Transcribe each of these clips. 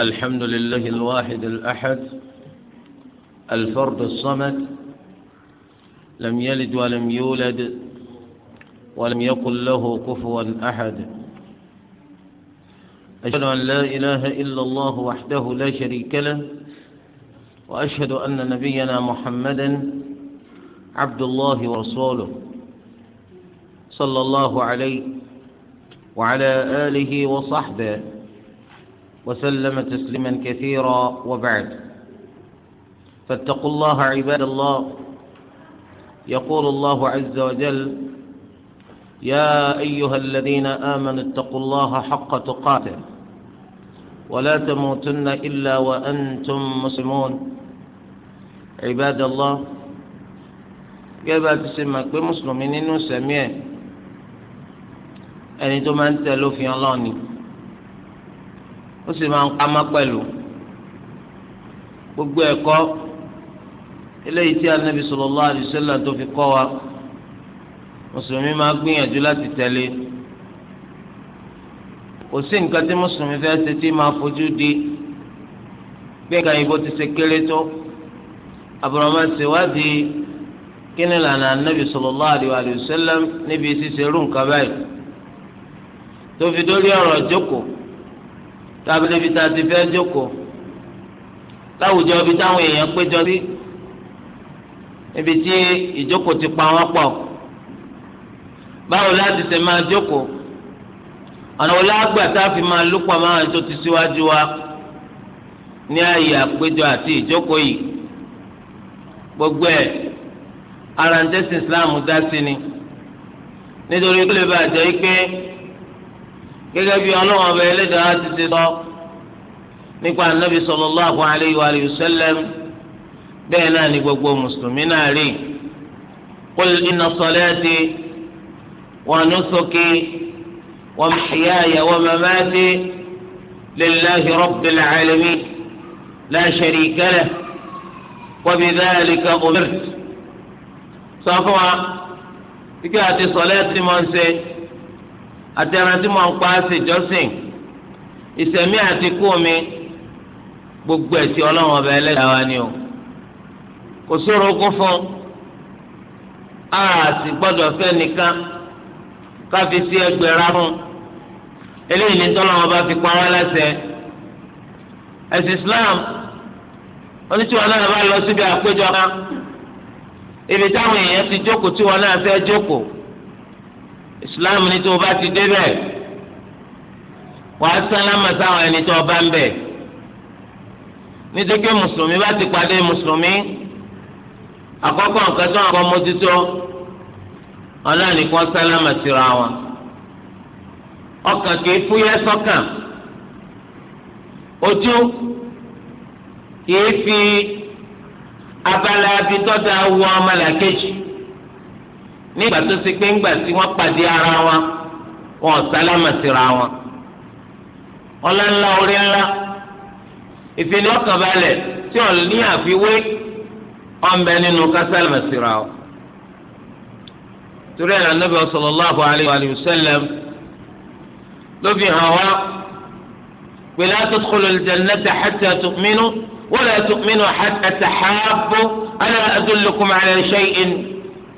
الحمد لله الواحد الأحد الفرد الصمد لم يلد ولم يولد ولم يقل له كفوا أحد أشهد أن لا إله إلا الله وحده لا شريك له وأشهد أن نبينا محمدا عبد الله ورسوله صلى الله عليه وعلى آله وصحبه وسلم تسليما كثيرا وبعد فاتقوا الله عباد الله يقول الله عز وجل يا ايها الذين امنوا اتقوا الله حق تقاته ولا تموتن الا وانتم مسلمون عباد الله gẹ́gẹ́ ti ṣe mọ̀ pé mùsùlùmí انتم انت لوفي الله ó sì máa ń gbogbo ẹ̀kọ́ eléyìí tí anabi sallallahu alaihi wasallam tó fi kọ́ wa mùsùlùmí máa gbìyànjú láti tẹ̀lé kò sí nǹkan tí mùsùlùmí fẹ́ ṣe tí máa fojú di pé nǹkan ti ṣe kéré tó ṣèwádìí kí ni lànà anabi sallallahu alaihi wasallam níbi ṣíṣe rú báyìí tó fi dórí ọ̀rọ̀ jókòó. tábìlì ibi tá a ti fẹ́ jókòó láwùjọ ibi táwọn èèyàn péjọ sí ibi tí ìjókòó ti pa wọ́n pọ̀ báwo láti ṣe máa jókòó ọ̀nà wo lágbà tá a fi máa lúpọ̀ máa tó ti síwájú wa ní ààyè àpéjọ àti ìjókòó yìí gbogbo ẹ̀ ara ń tẹ́sí Islam dá sí ni nítorí kí lè bàjẹ́ pé gẹ́gẹ́ bí ọlọ́run ọba ẹlẹ́dàá ti ti sọ nípa anabi sallallahu alayhi wa sallam bẹ́ẹ̀ náà ni gbogbo mùsùlùmí náà rí qul inna salati wa nusuki wa mahyaya wa mamati lillahi rabbil alamin la sharika lah wa bidhalika umirtu sọ fún wa ike àti sọlẹ́ẹ̀tì máa ń ṣe. àtẹ̀rẹ̀ tí mo ń pa ṣèjọ́sìn ìsẹ̀mí àti kú mi gbogbo ẹ̀sìn ọlọ́run ọba ẹlẹ́dàá wa ni o kò sóró kún fún a sì gbọ́dọ̀ fẹ́ nìkan ká fi sí ẹgbẹ̀rún fún eléyìí ní tọ́lọ́run ọba fi pa wá láṣẹ ẹ̀sìn Islam onítìwọn náà bá lọ síbi àpéjọ kan ibi táwọn èèyàn ti jókòó tí wọn náà fẹ́ jókòó. islam ni tó o bá ti débẹ̀ wàá sálámà sáwọn ẹni tó o bá ń bẹ̀ nítorí pé mùsùlùmí bá ti pàdé mùsùlùmí àkọ́kọ́ nǹkan tó àwọn mójútó ọlọ́run ní kó sálámà síra wọn ọkàn kìí fúyẹ́ sọ́kàn ojú kìí fi abala abitọ́ta wọ ọmọlàkejì nígbà tó ṣe pé ńgbà tí wọ́n pàdé ara wọn wọn sálámà síra wọn. ọlá ńlá orí ńlá ìfìlẹ̀ ọkàn balẹ̀ tí ò ní àfiwé ọ̀nbẹ nínú ká sálámà síra wọn. torí ẹ̀rọ anábì sallallahu alayhi wa sallam ló fi hàn wá pé la tadkhulu al-jannata hatta tu'minu wa la tu'minu hatta tahabbu ala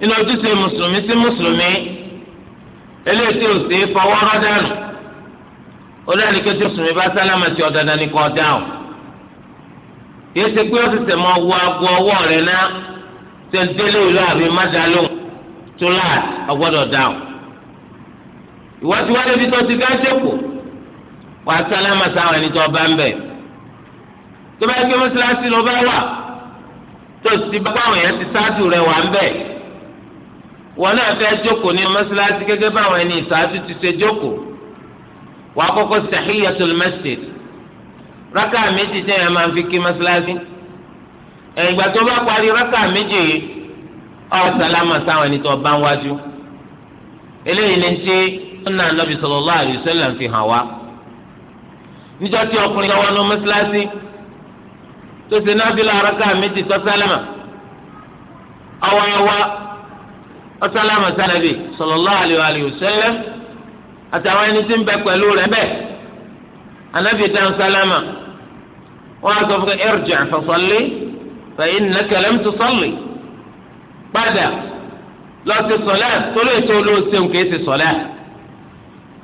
nínú ojúṣe mùsùlùmí sí mùsùlùmí eléyìí tí ò sí fọwọ́ rọ́dánù olórí kejì mùsùlùmí bá sálámà tí ọ̀dàdà ní kan dáhùn yìí ṣe pé ó ti tẹ̀ mọ́ wọ aago ọwọ́ rẹ̀ náà ṣe ń délé ìlú àbí mádàlóhùn tó láàt ọgbọ́dọ̀ dáhùn ìwádìí wáyé ibi tó ti gáṣẹ́ kù wàá sálámà sáwọn ẹni tó ọba ń bẹ̀ tó bá yẹ kí mọ́sálásí lọ bá wà tó ti bá àwọn yẹn ti ṣáájú rẹ̀ wà ń bẹ̀. wọn náà fẹ́ jókòó ní mọ́ṣáláṣí gẹ́gẹ́ báwọn ẹni ìsáájú ti ṣe jókòó wàá kọ́kọ́ tahiyatul masjid rákà méjì tẹ́ ẹ máa fi kí mọ́ṣáláṣí ẹ̀yìn ìgbà tó bá parí rákà méjì yìí ọ̀ sálámà sáwọn ẹni tó bá ń wájú eléyìí ni ti sunna anabi sallallahu alayhi wa fi hàn wá níjọ́ tí ọkùnrin kan wà ní mọ́ṣáláṣí tó ṣe náà fi lára ká méjì tó sálámà àwọn ẹwà. ọ̀sálámà sálẹ̀bì sallallahu alayhi wa sallam àtàwọn ẹni tí ń bẹ pẹ̀lú rẹ̀ bẹ́ẹ̀ anábì dáhùn sálámà wọn á sọ fún irji' fa salli fa innaka lam tusalli padà lọ sí sọlá torí ètò olóòsèǹ kìí sí sọlá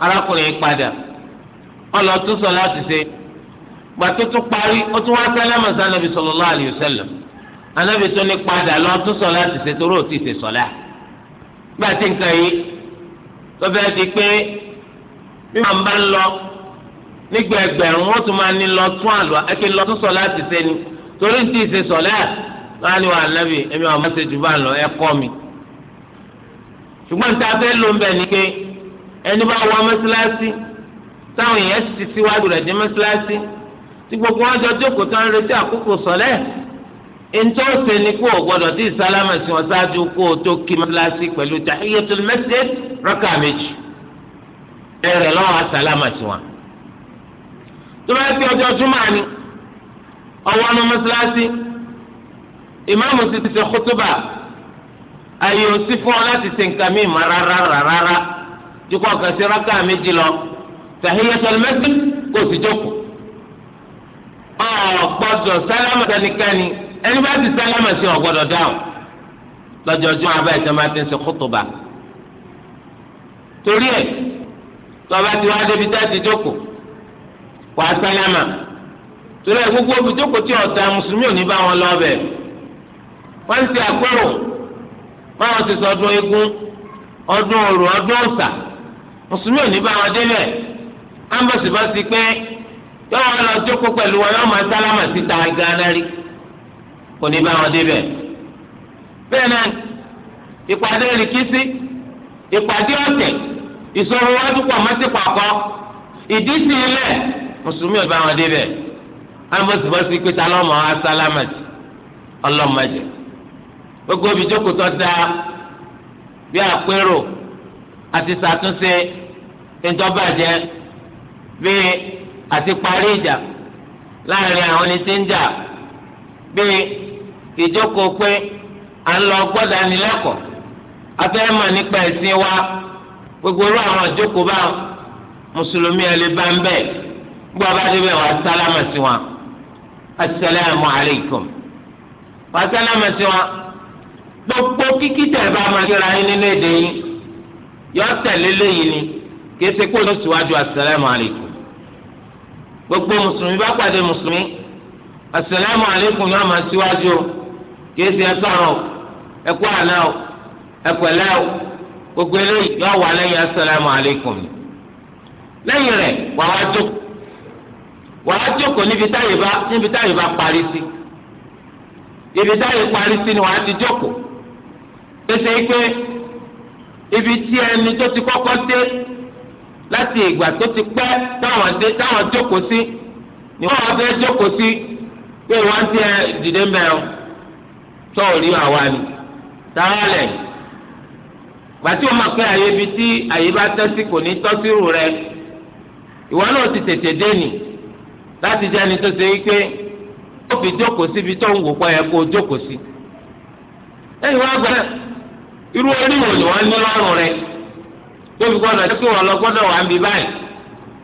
arákùnrin padà ọlọ́tún sọlá ti ṣe gbàtútù parí ó tún wá sálámà sálẹ̀bì sallallahu alayhi wa sallam tó ní padà lọ́tún sọlá ti ṣe torí òtí ṣe sọlá gbà tí nǹkan yìí lọ́fẹ̀ẹ́ ti pé bí màá bá ń lọ nígbà ẹgbẹ̀rún wọ́n tún máa ní lọ tún àlọ́ ẹ̀kí lọ tún sọ láti ṣe ni torí ní ti ṣe sọ̀lẹ́ à máa ní wàá nẹ́bì ẹ̀mí àwọn ọmọọṣẹ́ jù bá ń lọ ẹ̀kọ́ mi. ṣùgbọ́n tá a fẹ́ ló ń bẹ̀ ni pé ẹni bá wọ mọ́ṣáláṣí táwọn èèyàn ti síwájú rẹ̀ dé mọ́ṣáláṣí tí gbogbo wọn jọ jókòó tán retí àkókò sọ̀lẹ́ ntọ́ ṣe ni kó o gbọ́dọ̀ tí ìsálámà sí wọn ṣáájú kó o tó kí mọ́tíláṣí pẹ̀lú tahiyatul masjid rákà méjì ẹ̀rẹ̀ lọ́wọ́ àsálámà sí wọn. tó bá ti ọjọ́ júmọ̀ ni ọwọ́ ọmọ mọ́tíláṣí ìmáàmù ti ti ṣe kútúbà ayé o sí fún ọ láti ṣe nǹkan mí ma rárá rárá ju kó ọkàn sí rákà méjì lọ tahiyatul masjid kó o sì jókòó. ọ̀ gbọ́dọ̀ sálámà sẹ́nikẹ́ni ẹni bá ti sálámà sí ọ̀gbọ́dọ̀ dáhùn lọ́jọ́jọ́ abá ìtàn máa ti ń ṣe kútùbà torí ẹ̀ tọ́ba ti wá débi tá a ti jókòó wà á sálámà torí ẹ̀ gbogbo olùjókòó tí ọ̀tá mùsùlùmí ò ní bá wọn lọ bẹ̀ wọ́n ń ṣe àpérò báwọn ti sọ ọdún eégún ọdún òrò ọdún ọ̀sà mùsùlùmí ò ní bá wọn délẹ̀ ámbọ̀sibọ́sí pé yọ̀wọ́ lọ jókòó pẹ̀lú wọn yọ̀ máa sálámà síta gánà kò ní bá wọn débẹ̀ bẹ́ẹ̀ náà ìpàdé rìkísí ìpàdé ọ̀tẹ̀ ìṣòro wájú pọ̀ mọ́tì pàkọ́ ìdísí ilẹ̀ mùsùlùmí ò bá wọn débẹ̀ amọ̀sibọ́sí pé ta lọ́mọ asálámàjì ọlọ́mọdé gbogbo ibi jókòó tó dáa bí àpérò àti ṣàtúnṣe ìjọbàjẹ́ bí àti parí ìjà láàrin àwọn ẹni ń jà bí ìjókòó pé à ń lọ gbọ́dọ̀ ànilẹ́kọ̀ọ́ afẹ́rẹ́ mọ̀ nípa ẹ̀sìn wa gbogbo irú àwọn ìjókòó bá mùsùlùmí ẹ̀ lè bá ń bẹ̀ gbọ́ bá débẹ̀ wá sálámà sí wọn asalaamu aleykum wá sálámà sí wọn gbogbo kíkí tẹ̀ bá máa kíra yín nínú èdè yín yọ tẹ̀lé léyìn ni kí kó lọ síwájú asalaamu aleykum gbogbo mùsùlùmí bá pàdé mùsùlùmí asalaamu aleykum yóò máa síwájú o kìí ṣe ẹ̀tọ́ àrùn ẹ̀kú àná ẹ̀pẹ̀lẹ́ gbogbo eléyìí yọ wà lẹ́yìn asalaamu alaykum lẹ́yìn rẹ̀ wà wá jókòó wà á jókòó níbi táyé bá níbi táyé bá parí sí ibi táyé parí sí ni wà á ti jókòó pèsè pé ibi tí ẹni tó ti kọ́kọ́ dé láti ìgbà tó ti pẹ́ táwọn dé táwọn jókòó sí ni wọ́n wá fẹ́ jókòó sí pé wọ́n ti ẹ dìde mẹ́rin tọ́ọ̀ rí àwa ni táwa lẹ̀ gbàtí o máa pẹ́ àyè ibi tí àyè bá tẹ́sí kò ní tọ́sírù rẹ ìwọ náà ti tètè dé nì láti jẹ́ ẹni tó ṣe wípé ó fi jókòó síbi tó ń wò pọ̀ yẹ kó o jókòó sí. ẹ̀yin wá gbọ́dọ̀ irú orí ni wọ́n ní lọ́rùn rẹ gbọ́dọ̀ wọ́n lọ gbọ́dọ̀ wà ń bí báyìí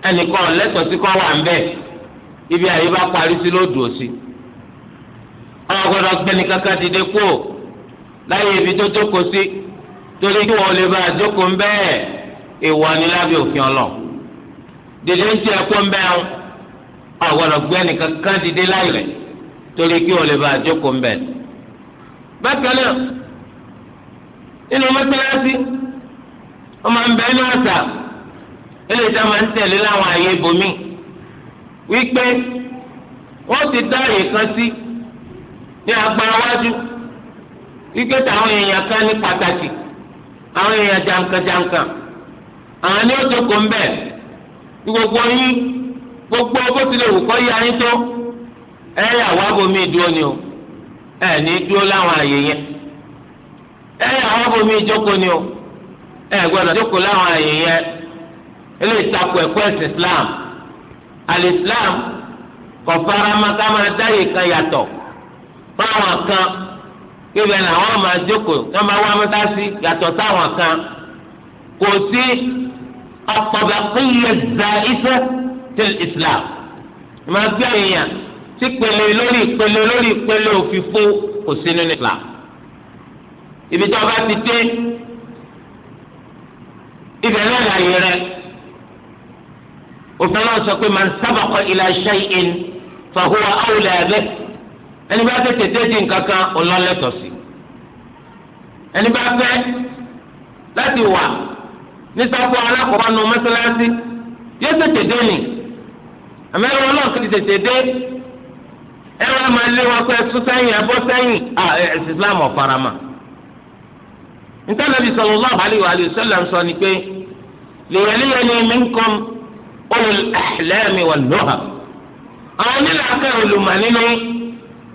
ẹnìkan lẹ́tọ̀ọ́ sí kọ́ wà ń bẹ́ẹ̀ ibi àyè bá parí sí ló sí. àwọn gbọ́dọ̀ gbẹni kankan ti dé kú o láyé ibi tó jókòó sí torí kí wọn lè bá jókòó bẹ́ẹ̀ ìwà ni lábẹ́ òfin ọlọ dèdè ń tiẹ̀ kó ń bẹ́ẹ̀ àwọn gbọ́dọ̀ gbẹni kankan ti dé láyé rẹ̀ torí kí wọn lè bá jókòó bẹ́ẹ̀. bákan náà nínú mọ́tàlásí wọ́n máa ń bẹ ní ọ̀sà eléyìí tá máa ń tẹ̀lé láwọn àyè ibòmíì wípé wọ́n ti dá àyè kan sí. Si, ní agbára wájú ike táwọn èèyàn kan ní pàtàkì àwọn èèyàn jankan-jankan àwọn ní òjòkó ńbẹ gbogbo yín gbogbo bó tilẹ̀ wù kọ́ yá yín tó ẹ yà wá ni o ẹ ní dúró láwọn àyè yẹn ẹ yà wá bomi ni o ẹ jókòó láwọn àyè yẹn Islam islam báwọn kan kébẹ̀ làwọn máa jókòó kí wọ́n máa wá mọ́tàsí yàtọ̀ sáwọn kan kò sí ọ̀pọ̀bàkúnyẹ zà iṣẹ́ tí Islam máa gbé èèyàn tí pèlè lórí pèlè lórí pèlè òfìfo kò sí nínú Islam ibi tí wọ́n bá ti dé ibẹ̀ náà láàyè rẹ̀ òfin náà sọ pé man sabaqa ila shay'in fa huwa awla bihi ẹni bá tètè tètè nǹkan kan ọlọ́lẹ́tọ̀ sí ẹni bá fẹ́ láti wà ní sáfù alákọ̀ọ́bá nu mọ́sálásí yóò tètè dé nì àmẹ́rẹ́ wọn náà kìí tètè dé ẹ wá máa lé wọn pé sún sẹ́yìn ẹ bọ́ sẹ́yìn ẹ̀sìn Islam ọ̀farama ntẹ́lẹ̀bi sallallahu alaihi wa sallam sọ ni pé liyaliyani minkum ulul ahlami wan nuha àwọn onílàákẹ́ olùmọ̀ nínú.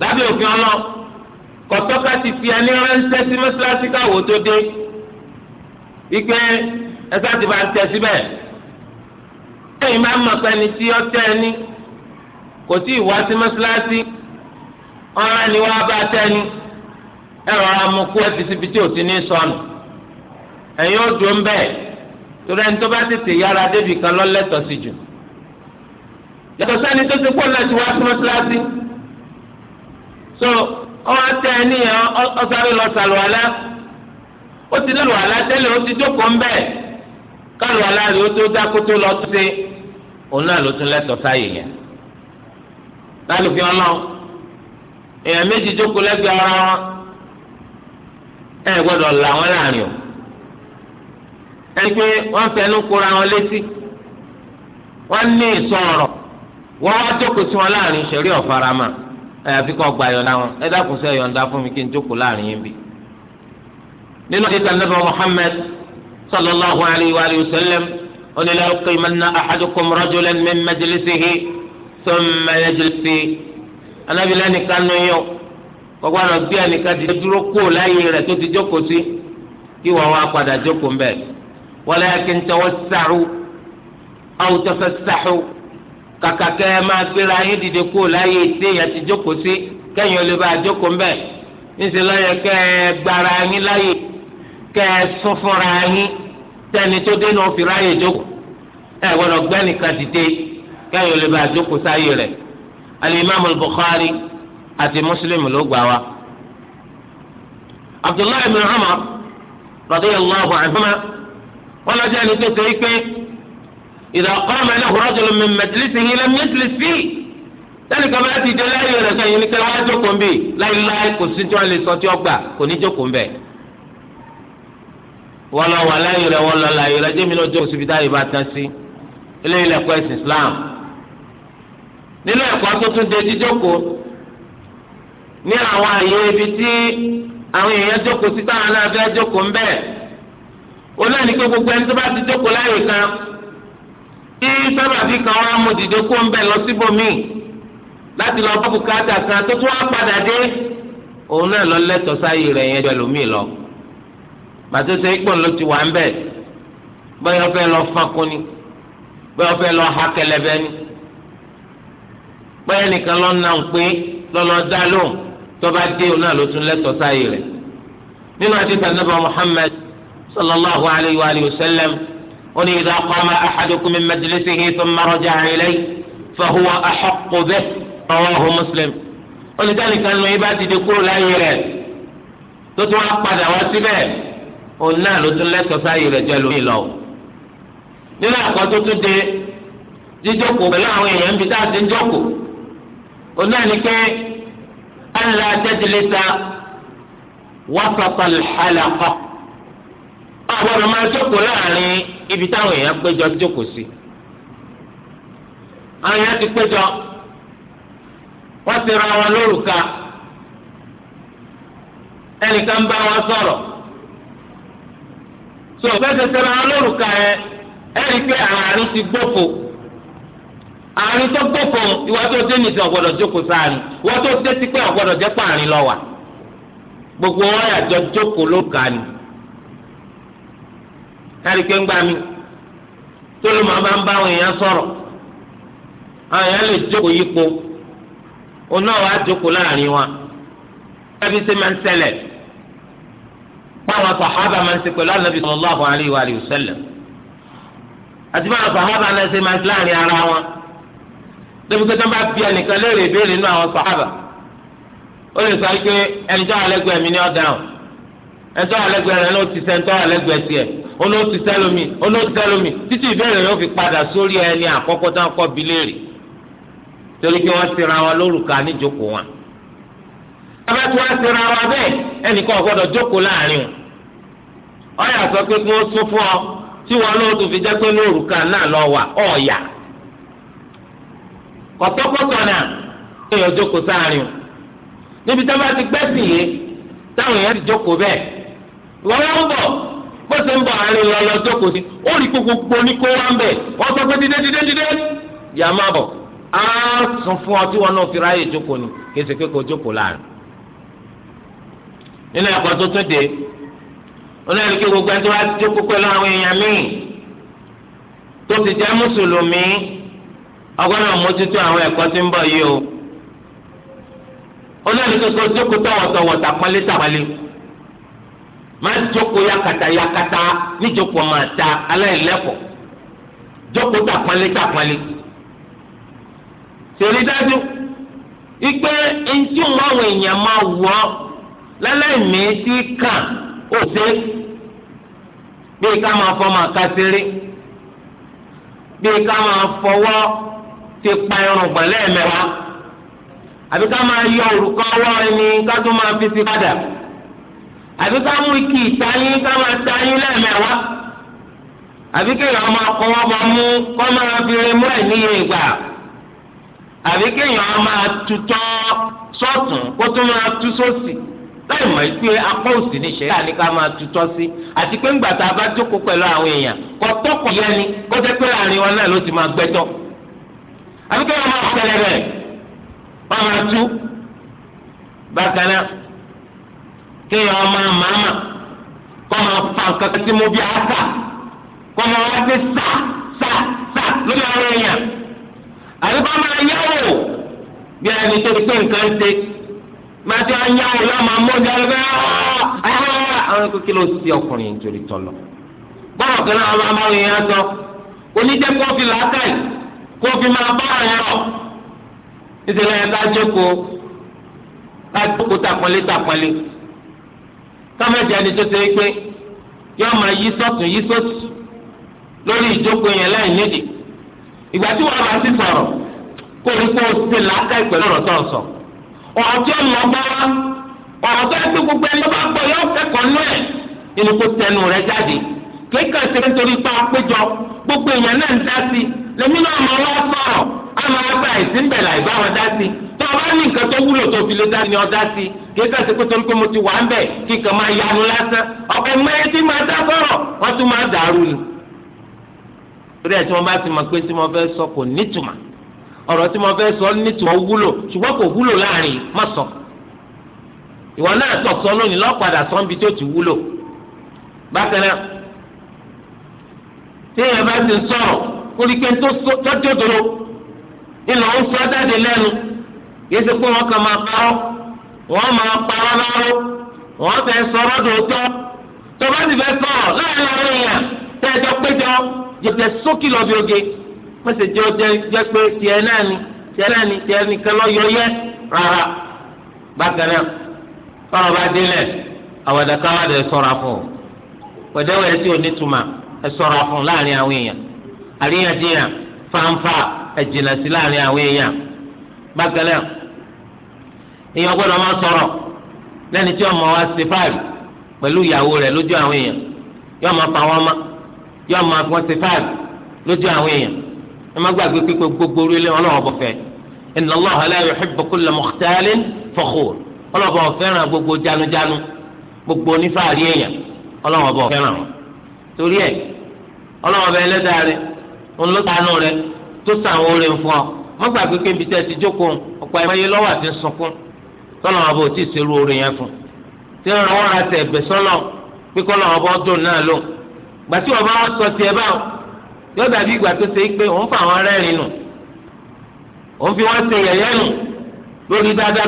lábẹ́ òfin ọlọ kọtọka ti fi ẹni ránṣẹ́ sí mọ́ṣáláṣí káwọ tó dé ike ẹsẹ àti bá ń tẹ síbẹ̀ lẹ́yìn máa ń mọ pé ẹni tí ó tẹ ẹni kò tí ì wá sí mọ́ṣáláṣí ọ̀ràn ni wọ́n á bá tẹ ẹni ẹ̀rọ amukú ẹfi síbi tí ò ti ní sọnù ẹ̀yin ó dùn bẹ́ẹ̀ torí ẹni tó bá tètè yára débi kan lọ́lẹ́tọ̀ọ́ sí jù yàtọ̀ sẹ́ni tó ti pọ̀ náà ti wá sí mọ́ṣáláṣí. so ọ tẹ ẹ níyàn ọsàrè lọ ó ti lọ ó ti jókòó ń ó tó dákótó lọ sí òun náà ló tún sáyè yẹn èèyàn méjì jókòó ara wọn ẹ là wọn láàrin o ẹni pé wọ́n fẹnu kóra wọn létí wọ́n ní ìsọ̀rọ̀ wá àyàfi kọ́ gba yọ̀ǹda wọn ẹ dákun ṣe yọ̀ǹda fún mi kí n jókòó láàrin yín bi. nínú àti tànàbà Muhammad sallallahu alayhi wa sallam onílẹ̀ ọ̀kẹ́ ìmọ̀nà ahadukum rajulan min majlisihi thumma yajlisi. anábìlẹ̀ nìkan nù yín o gbogbo àná bí ẹnìkan ti dúró kó láyé rẹ̀ tó ti jókòó sí kí wọ́n wá padà jókòó mbẹ́ walakin tawassahu aw tafassahu kàkà kẹ́ ẹ máa gbéra yín dìde kúrò láyé tí èèyàn ti jókòó sí kẹ́yìn ò lè bá a jókòó ń bẹ̀ níṣẹ́ lọ́yẹ kẹ́ ẹ gbára yín láyè kẹ́ ẹ sún fúnra yín tẹ́ni tó dé náà fi ráyè jókòó ẹ gbọ́dọ̀ gbẹ́ni kan dìde kẹ́yìn ò lè bá a jókòó sáyé rẹ̀ alimami Bukhari àti Muslim ló gbà wá. Abdullahi bin Umar radiyallahu anhuma wọn lọ jẹ́ ẹni tó ṣe é إذا قام له رجل من مجلسه لم يجلس فيه tẹnika bá ti dé láyé rẹ sọ yìí ní kẹlẹ wá jókòó nbí láéláé kò sí tí wọn lè sọ tí wọn gbà kò ní jókòó nbẹ. wọn lọ wà láyé rẹ wọn lọ láyé rẹ jẹmi lọ jókòó síbi táyé bá tán sí eléyìí lẹ́kọ̀ọ́ ẹ̀sìn Islam nínú ẹ̀kọ́ tó tún de jíjókòó ní àwọn àyè ibi tí àwọn èèyàn jókòó sí táwọn náà fẹẹ jókòó nbẹ. ó náà tí sábàbí kan wá mú dìde kó ń bẹ lọ síbòmíì láti lọ bọ́ọ̀bù káàtà kan tó tún wá padà dé òun náà lọ lẹ́tọ̀ọ́ sáyé rẹ̀ yẹn jọ lómìí lọ màtúnṣe ìpò ló ti wà ń bẹ̀ bẹ́ẹ̀ ọ̀fẹ́ lọ fankun ni bẹ́ẹ̀ ọ̀fẹ́ lọ ha ni nìkan lọ nà ń pé dá ó ní idha qama ahadukum min majlisihi thumma raja'a ilayhi fahuwa ahaqqu bihi rawahu Muslim ó ní dánìkan nù ibà dìde kúrò láyé rẹ̀ tó tún wá padà wá síbẹ̀ òun náà ló tún lẹ́tọ̀ọ́ sáyé rẹ̀ jẹ́ lómi lọ. nínú àkọ́ tó tún de jíjókòó pẹ̀lú àwọn èèyàn bíi táà ti ń jókòó òun náà ni pé alla tajlisa wasata al-halaqa. ọgbọ́dọ̀ máa jókòó láàrin ibi táwọn èèyàn péjọ jókòó sí àwọn èèyàn ti péjọ wọ́n ti ra wọn lórúkà ẹnìkan ń bá wọn sọ̀rọ̀ tó o ra wọn lórúkà yẹn ẹnì pé àárín ti gbófo àárín tó gbófo ìwà tó dé nìsín jókòó sáárín tó dé gbogbo wọn yà jọ jókòó ẹ̀rí pé ń gbà mí tó ló máa bá ń bá àwọn èèyàn sọ̀rọ̀ àwọn èèyàn lè jókòó yípo òun wa? jókòó láàrin wa ẹbí ṣe máa ń ṣẹlẹ̀ báwọn sàhábà máa ń alaihi wa àti báwọn sàhábà náà máa ń láàrin ara wọn bá bí ẹnìkan léèrè nínú àwọn sàhábà ó sọ àlẹ́gbẹ̀ẹ́ mi ni olóòtú sẹlómi olóòtú sẹlómi títí ìbéèrè yóò fi padà sórí ẹni àkọ́kọ́ tó ń kọ́ torí kí wọ́n ti ra wọn lórúkà níjókòó wọn. tí wọ́n ti ra wọn bẹ́ẹ̀ ẹnìkan ọ̀gbọ́dọ̀ jókòó láàrin o ọ̀yà sọ pé kí ọ tí fi jẹ́ pé náà lọ wà ọ̀ọ̀yà kọ̀tọ́kọ̀tọ̀ náà yọ jókòó sáàrin o bó ṣe ń bọ̀ àárín lọ lọ jókòó sí ó rí gbogbo oníkó wá ń bẹ̀ wọ́n sọ pé dídé dídé dídé yà má bọ̀ á sùn fún ọ tí wọn náà fi ráyè jókòó ni kí n ṣe pé kò jókòó láàrin. nínú ẹ̀kọ́ tó tún dé onírin kí gbogbo ẹni tó wá jókòó pẹ̀lú àwọn èèyàn míì tó ti jẹ́ mùsùlùmí ọgbọ́n àmójútó àwọn ẹ̀kọ́ tí ń bọ̀ yìí o onírin kí gbogbo jókòó máa ń jókòó yakata yakata níjókòó máa ta aláìlẹ́kọ̀ọ́ jókòó tàpọ́nlé tàpọ́nlé ṣèlú dájú ìgbé eŋti wọn àwọn èèyàn máa wọ lálẹ́mìísí kàn òṣè bíi ká máa fọ́ máa ká sírí bíi ká máa fọwọ́ ti pa irun gbọ̀n àbí ká máa yọ òrùka ọwọ́ ẹni ká tó máa fi àbí ká mú ikì ìtayín ká máa tayín lẹ́ẹ̀mẹ́wàá àbí kéèyàn máa kọ́ wọ́n bá mú kọ́ máa fi remú ẹ̀ níye ìgbà àbí kéèyàn máa tutọ́ sọ́ọ̀tún kó tún máa tú sósì láì mọ̀ pé apá òsì ní ṣẹ̀yà ni ká máa tutọ́ sí àti pé ńgbà tá a bá jókòó pẹ̀lú àwọn èèyàn kọ́ tọ́kọ̀ yẹn ni kó jẹ́ pé láàrin wọn náà ló ti máa gbẹ́jọ́ àbí kéèyàn máa kọ́ tẹ́lẹ̀ bẹ́ẹ̀ wọ́n máa tú bákan náà kéèyàn ọmọ màmá kọ́ máa fa nǹkan kan sí mo bí àṣà kọ́ máa wá sí sá sá sá lórí àwọn èèyàn àdúgbò máa yáwò bí ẹni tó ti pé nǹkan ṣe máa ti wá yáwò yá máa mú ọjà lọ bẹ́ẹ̀ ah, ah, ah. àwọn ẹ̀kọ́ kí ló sí ọkùnrin nítorí tọ́lọ̀ bọ́ọ̀ kan náà máa máa yẹn sọ oníjẹ́ kófì làákàyè kófì máa bá àyàn lọ nítorí ẹ̀ka jókòó láti kó tàpọ́nlé tàpọ́nlé kọ́mẹ́tì ẹni tó ṣe é pé yọ máa yí sọ́tún yí sọ́tún lórí ìjókòó yẹn láì nídìí ìgbà tí wọ́n bá sì sọ̀rọ̀ kó o kó o sì làákà ìpẹ̀lú ọ̀rọ̀ tó ń sọ ọ̀rọ̀ tí ó lọ gbọ́ wá ọ̀rọ̀ tó ẹgbẹ́ gbogbo ẹni tó bá gbọ́ yọ kẹ́kọ̀ọ́ nú ẹ̀ inú kó tẹnu rẹ jáde kéka ṣe nítorí pa àpéjọ gbogbo èèyàn náà ń dá sí lèmi náà mọ̀ wá sọ̀rọ̀ á máa gbà ìsínbẹ̀ láì bá wọn dá sí bá ní nǹkan tó wúlò tó fi lè dá ni ọ̀dá sí kí ká mo ti wà ń bẹ̀ kí kan máa yanu lásán ọ̀pẹ̀ mẹ́rin tí máa dá sọ̀rọ̀ wọ́n tún máa dàrú ni. torí ẹ̀ tí wọ́n bá ti mọ̀ pé tí mo fẹ́ sọ kò nítumọ̀ ọ̀rọ̀ tí mo fẹ́ sọ nítumọ̀ wúlò ṣùgbọ́n kò wúlò láàrin má sọ. ìwọ náà sọ lónìí lọ́padà ti wúlò. bákan náà tí bá ti sọ̀rọ̀ kìí ṣe pé wọ́n kàn máa parọ́ wọ́n máa parọ́ lọ́rọ́ wọ́n fẹ́ sọ̀rọ̀ dòótọ́ tọ́ba sì fẹ́ sọ̀rọ̀ láàrin àwọn èèyàn tẹ́jọ́ péjọ jẹ̀jẹ̀ sókè lọ́bi oge mọ̀sẹ̀ jẹ́ ọjẹ́ jẹ́ pé tiẹ̀ náà ni tiẹ̀ náà ni tiẹ̀ nìkan lọ́ yọ yẹ rárá bákan náà fọlọ́ bá délẹ̀ àwàdà káwàdà ẹ̀ sọ̀rọ̀ fún ọ pẹ̀dẹ́wọ̀ ẹ̀ tí ò ní tuma ẹ̀ sọ̀rọ̀ fún láàrin àwọn èèyàn àríyànjiyàn fanfa ẹ̀ jìnnà sí láàrin àwọn èèyàn bákan náà èèyàn gbọ́dọ̀ máa sọ̀rọ̀ lẹ́ni tí ọmọ wa ṣe fáàlì pẹ̀lú ìyàwó rẹ̀ lójú àwọn èèyàn yóò máa pa wọn mọ́ yóò máa fọ́n ṣe fáàlì lójú àwọn èèyàn ẹ má gbàgbé pípé gbogbo orí ilé wọn lọ́wọ́ bọ̀ fẹ́ inna Allaha la yuhibbu kulla mukhtalin fakhur ọlọ́wọ́ bọ̀ fẹ́ràn gbogbo jánujánu gbogbo onífàárí èèyàn ọlọ́wọ́ bọ̀ fẹ́ràn wọn torí ẹ̀ ọlọ́wọ́ bẹ ẹlẹ́dàá rẹ ńlọ́tàánú rẹ tó sàwọn orin fún ọ mọ́gbàgbé pé ibi tẹ́ ti jókòó ọ̀pọ̀ ẹ̀mọ́yé tọ́lá wọn bò tí ì serú orin yẹn fún tí wọn rán wọn àti ẹ̀bẹ̀ sọlọ pé kọ́lá wọn bọ́ dùn náà lò gbà tí wọn bá wọn sọ tiẹ̀ báwọn yóò dàbí ìgbà tó ṣe é pé òun fà wọn nù òun fi wọn ṣe ọ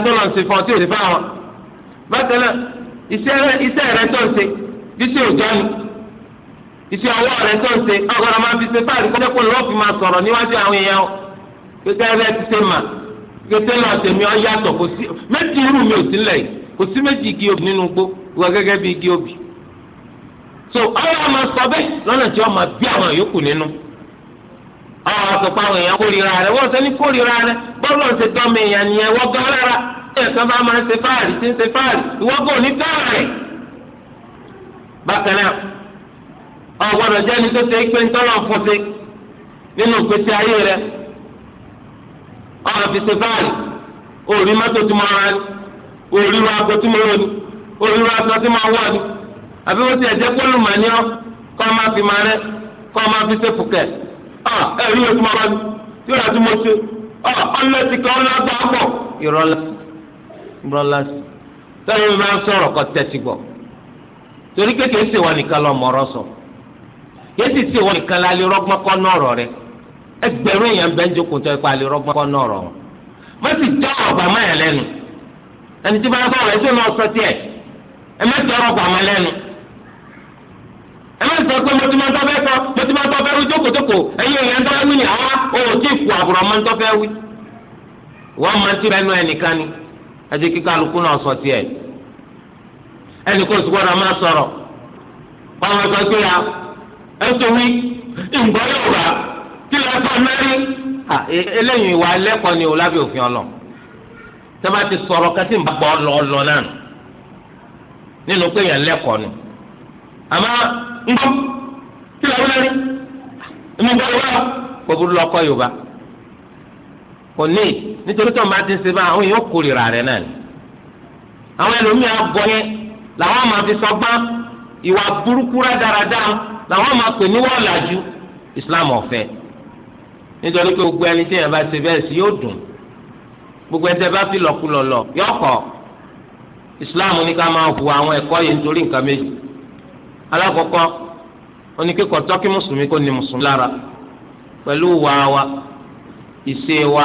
tí ò sí fáwọn bákan náà iṣẹ́ rẹ tó ń ṣe bí ni rẹ tó ń ṣe máa fi ṣe fáàrí fi máa kété lọ tèmi ọ ya kò sí méjì irú mi ò sí kò sí méjì igi obì nínú gbó wọ gẹ́gẹ́ bí igi obì so sọ bẹ́ẹ̀ lọ́nà tí ma bí àwọn yòókù nínú ọ̀rọ̀ àtọ̀pọ̀ àwọn èèyàn rẹ rẹ̀ wọ́n sẹ́ni kórìíra rẹ̀ ṣe èèyàn nìyẹn rárá bá máa ń ṣe fáàrí ń ṣe fáàrí ní fáàrí bákan náà tó ṣe é pé ń tọ́lọ̀ ọ̀rọ̀ fi ṣe báyìí orí mọ́tò tí mo ra ni orí wa ago tí mo rò ni orí wa aṣọ tí mo wọ̀ ni àbí wọ́n ti ẹ̀jẹ̀ pọ́lù mà ní ọ́ kọ́ máa fi máa rẹ kọ́ máa fi ṣe fùkẹ́ ẹ̀rí o tí mo ra ni tí o rà tí mo ṣe ọlọ́ọ̀tì kan ọlọ́ọ̀tà pọ̀ ìrọ̀lá ìrọ̀lá sọ́yìn mi máa ń sọ̀rọ̀ kọ́ tẹ̀sí gbọ̀ torí kékeré ṣèwọ nìkan lọ mọ̀ọ́rọ̀ sọ kéésì ṣèwọ nìkan lálẹ́ rọ́gbọ́n kọ́ náà rọ̀ rẹ̀ ẹgbẹ̀rún èèyàn bẹ́ẹ̀ ń jókòó tó ipa lè rọ́gbọ́n kọ́ náà rọ̀ má sì já ọ̀gbà má yàn lẹ́nu ẹni tí báyọ̀ sọ̀rọ̀ ẹjọ́ náà sọ tiẹ̀ ẹ má tọrọ ọ̀gbà má lẹ́nu ẹ má sọ pé mo ti máa tọ́ sọ mo ti máa tọ́ èèyàn wí ni nu ni ẹ kí ló sọ mẹ́rin. E, eléyìí ìwà ẹlẹ́kọ̀ọ́ ni o lábẹ́ òfin ọlọ tẹ́lá ti sọ̀rọ̀ kẹ́tì ń bá gbọ́ lọ́ọ́lọ́ náà nínú pé èèyàn lẹ́kọ̀ọ́ ni àmọ́ ńkọ́ kí ló mẹ́rin ìmú gbọ́dọ̀ wá kò burú lọ́kọ́ yorùbá kò ní nítorí tó ń bá ti ń ṣe bá àwọn èèyàn kórìíra rẹ̀ náà ni àwọn ẹlòmíràn gbọ́ yẹn làwọn máa fi sọgbọ́n ìwà burúkú rádaràdà làwọn máa pè ní wọ́ọ̀làjú islam ọ̀fẹ́ nítorí pé gbogbo ẹni tí yẹn bá ṣe bẹ́ẹ̀ sí yóò dùn gbogbo ẹni tí yẹn bá fi lọ́kùlọ̀ lọ yọ kọ́ ìsìláàmù ní ká máa hu àwọn ẹ̀kọ́ yìí nítorí nǹkan méjì alákọ̀ọ́kọ́ oníkẹ́kọ̀ọ́ tọ́kí mùsùlùmí kò ní mùsùlùmí lára pẹ̀lú wa wa ìṣe wa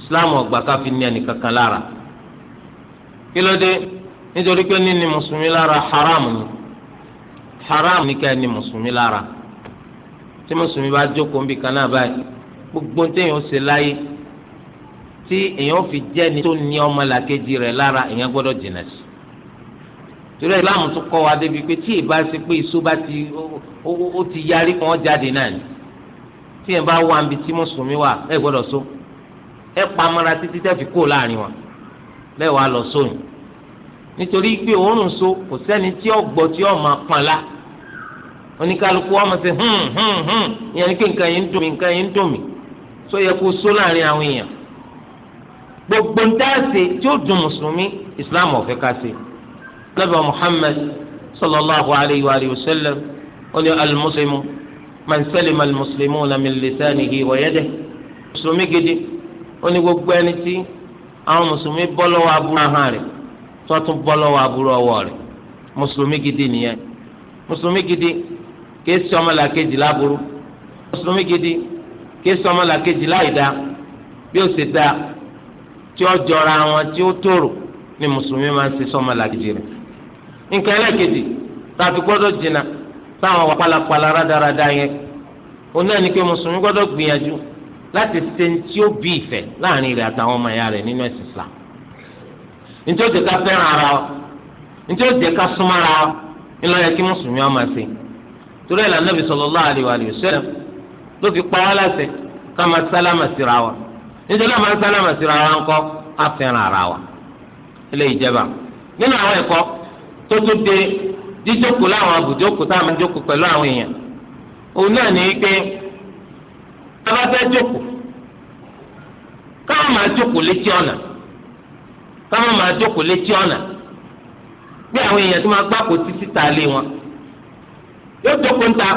Islam ọ̀gbà ká fi ní ẹnìkankan lára kí ló dé nítorí pé níní mùsùlùmí lára haram ni haram ni ká ní mùsùlùmí lára tí mùsùlùmí bá jókòó nbí kan náà báyìí gbogbo téèyàn ó ṣe láyé tí èèyàn fi jẹ́ ni tó ní ọmọ làkejì rẹ̀ lára èèyàn gbọ́dọ̀ jìnà sí torí Islam tún kọ́ wa débi pé tí ìbá ṣe pé ìṣó bá ti ó ti yarí kan jáde náà ni tí èèyàn bá wà níbi tí mùsùlùmí wà ẹ gbọ́dọ̀ so ẹ pamọ́ra títí tẹ́ fi kó láàrin wọn lẹ́wàá lọ sóyún nítorí pé òórùn so kò sẹ́ni tí ó gbọ́ tí ó máa pọn la oníkálukú wọn mọ̀ hùn hùn hùn ìyẹn ní kí nǹkan yìí ń dùn mí nǹkan yìí ń dùn mí sọ yẹ kó só láàrin àwọn èèyàn gbogbo ń dáàsì tí ó dùn mùsùlùmí islam ọ̀fẹ́ ká sí lọ́bàá muhammed sallallahu alayhi wa sallam ó ní alimuslimu man salima alimuslimu min lisanihi wa yadihi mùsùlùmí gidi ó ní gbogbo ẹni tí àwọn mùsùlùmí bọ́ lọ́wọ́ aburú ahọ́n rẹ̀ tó tún bọ́ lọ́wọ́ aburú ọwọ́ rẹ̀ mùsùlùmí gidi nìyẹn mùsùlùmí gidi kìí sọmọlá kejì láburú mùsùlùmí gidi kí sọmọlá kejì láì dá bí ó sì dá tí ó jọra wọn tí ó tòrò ni mùsùlùmí máa ń ṣe sọmọlá kejì rẹ̀ nǹkan ẹlẹ́kejì tàbí gbọ́dọ̀ jìnnà táwọn wà pálapàla rádaràda yẹn òun náà ni pé mùsùlùmí gbọ́dọ̀ gbìyànjú láti ṣe tí ó bí ìfẹ́ láàrin rẹ̀ àtàwọn ọmọ ìyá rẹ̀ nínú ẹ̀sìn Islam njẹ́ ó jẹ́ ká fẹ́ràn ara wa njẹ́ ó jẹ́ ká súnmọ́ ara wa ńlọ yẹ kí mùsùlùmí ọmọ ẹ̀sìn ló fi pa wá láṣẹ ká máa wa nítorí àwọn sálámà síra wa ńkọ́ á ara wa ilé ìjẹba nínú àwọn ẹ̀kọ́ tó tún de jíjókòó láwọn àbùjókòó tá a máa jókòó pẹ̀lú àwọn èèyàn òun náà ní pé a bá fẹ́ jókòó káwọn máa létí ọ̀nà káwọn máa létí ọ̀nà bí àwọn èèyàn tó máa gbàkó títí lé wọn yóò ń ta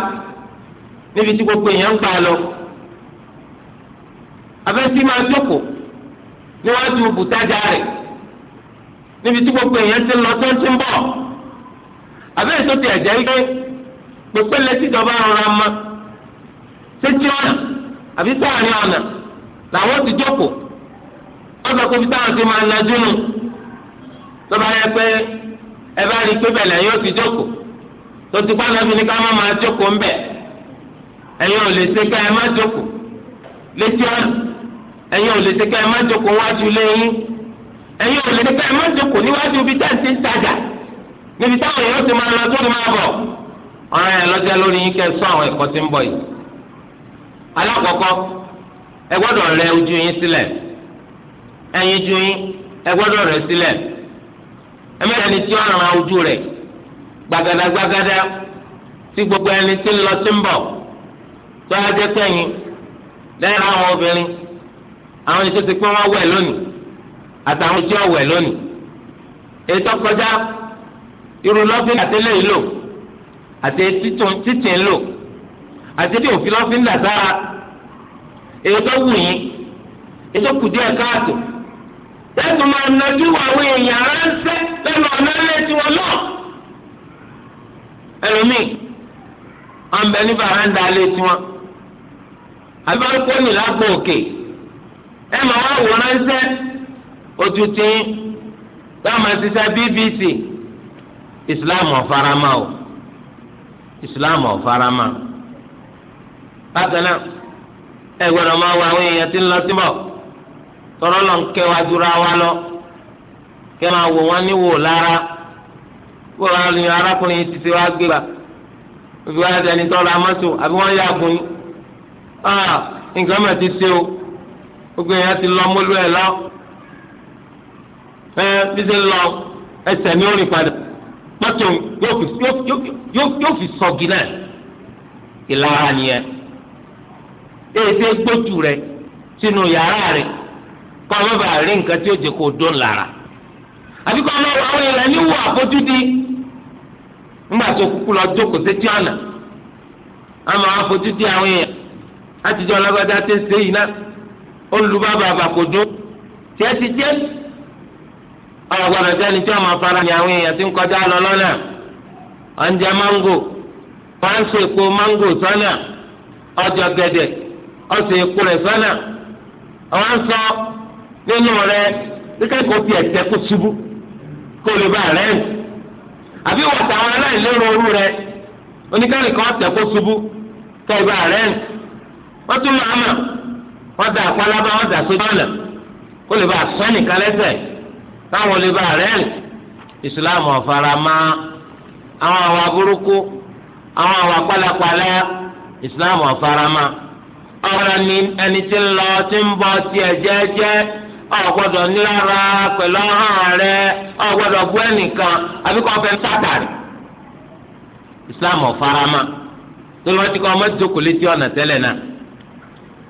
níbi tí gbogbo èèyàn ń gbà lọ abẹ́sí máa jókòó níwájú bùtájà rẹ̀ níbi tí gbogbo èèyàn ti lọ tó ń tún bọ̀ abẹ́rẹ́ tó ti ẹ̀jẹ̀ yí pé pèpè lẹ́tìjọba rọra mọ́ sétí ọ̀nà àbí sáàrin ọ̀nà làwọn ti jókòó wọ́n sọ pé bí táwọn ti máa najú nù tó bá yẹ pé ẹ bá rí i pé bẹ̀lẹ̀ yóò ti jókòó tó ti pa nàbí ká má máa jókòó ń bẹ̀. ẹ̀yin ò lè ṣe ká ẹ má jókòó létí ọ̀nà ẹ̀yin ò lè ṣe ká ẹ má jókòó wájú ò lè ṣe ká ẹ má jókòó níwájú ibi tá à ń ti ń tajà níbi táwọn èèyàn ti máa lọ tó ti máa bọ̀ ọ̀ràn yẹn lọ́jà lórí yín kẹ́ ẹ sọ àwọn ẹ̀kọ́ tí ń bọ̀ yìí. alákọ̀ọ́kọ́ ẹ gbọ́dọ̀ rẹ ojú yín sílẹ̀ yín ẹ gbọ́dọ̀ rẹ sílẹ̀ gbogbo ẹni ń lọ ń tó a jẹ́ pẹ́yìn lẹ́yìn àwọn obìnrin àwọn ètò ti pé wọ́n wẹ̀ lónìí àtàwọn tí wọ́n wẹ̀ lónìí ètò kọjá irun lọ́fíìn àtẹlẹ́ yìí lò àti títì ń lò àti tí òfin lọ́fíìn dà sára ètò wù yín ètò kùdí ẹ̀ káàtó tẹ́tù máa nàdú àwọn èèyàn ránṣẹ́ lẹ́nu ọ̀nà lẹ́tì wọn náà ẹlòmíì ọ̀nbẹ ní bàrá ń wọn. abẹ́rẹ́kọ́ mi lágbo òkè ẹ mà wá wò ránṣẹ́ òtútù báwọn máa bbc islam ọ̀farama o islam ọ̀farama bákan ẹ gbọ́dọ̀ máa wọ àwọn èèyàn tí ń lọ síbọ̀ tọrọ lọ ń wa lọ máa wò níwò lára wò arákùnrin ti ti tọrọ àbí yá ah nǹkan mà ti ṣe o gbogbo èèyàn ti lọ mọ́lú ẹ̀ lọ ẹ bí ṣe lọ ní orin padà yóò fi náà ìlara nìyẹn gbójú rẹ sínú yàrá rẹ ọ rí nǹkan tí ó jẹ kó dún lára àbí ọ àwọn èèyàn àfojúdi tó kúkú lọ jókòó sétí ọ̀nà àfojúdi àwọn èèyàn àtijọ́ ọlọ́gbàdá ti ń ṣe yìí náà olùbábà àbàkòdún tiẹ́ ti jẹ́ ọ̀gbọ́dọ̀ sẹ́ni tí wọ́n máa fara ní àwọn èèyàn tí ń kọjá lọ lọ́nà ọ̀njẹ mángò wọ́n ń sèpo mángò sọ́nà ọjọ́ gẹ̀dẹ̀ ọ̀sẹ̀ èkó rẹ̀ sọ́nà wọ́n sọ nínú rẹ̀ kíkẹ́kọ̀ọ́ fi ẹ̀tẹ́ kó ṣubú kó lè bá rẹ̀ àbí wọ́n tàwọn aláìlérò orú rẹ̀ oníkàlùkọ́ ọ̀tẹ́ kó ṣubú kó lè bá rẹ̀ wọ́n tún máa mọ̀ wọ́n da àpálábá wọ́n da sójú ọ̀nà kó lè bá sọ́ nìkan lẹ́sẹ̀ táwọn lè bá rẹ́ẹ̀lì ìsìláàmù ọ̀fara máa àwọn àwa burúkú àwọn ọ̀fara máa ọ̀rọ̀ ni ẹni tí ń lọ tí ń bọ̀ ọ̀gbọ́dọ̀ nílára pẹ̀lú ọ̀hán rẹ ọ̀gbọ́dọ̀ bú ẹnìkan fẹ́ ọ̀fara máa tó lọ́ọ́ ti kọ́ ọmọ ọ̀nà tẹ́lẹ̀ náà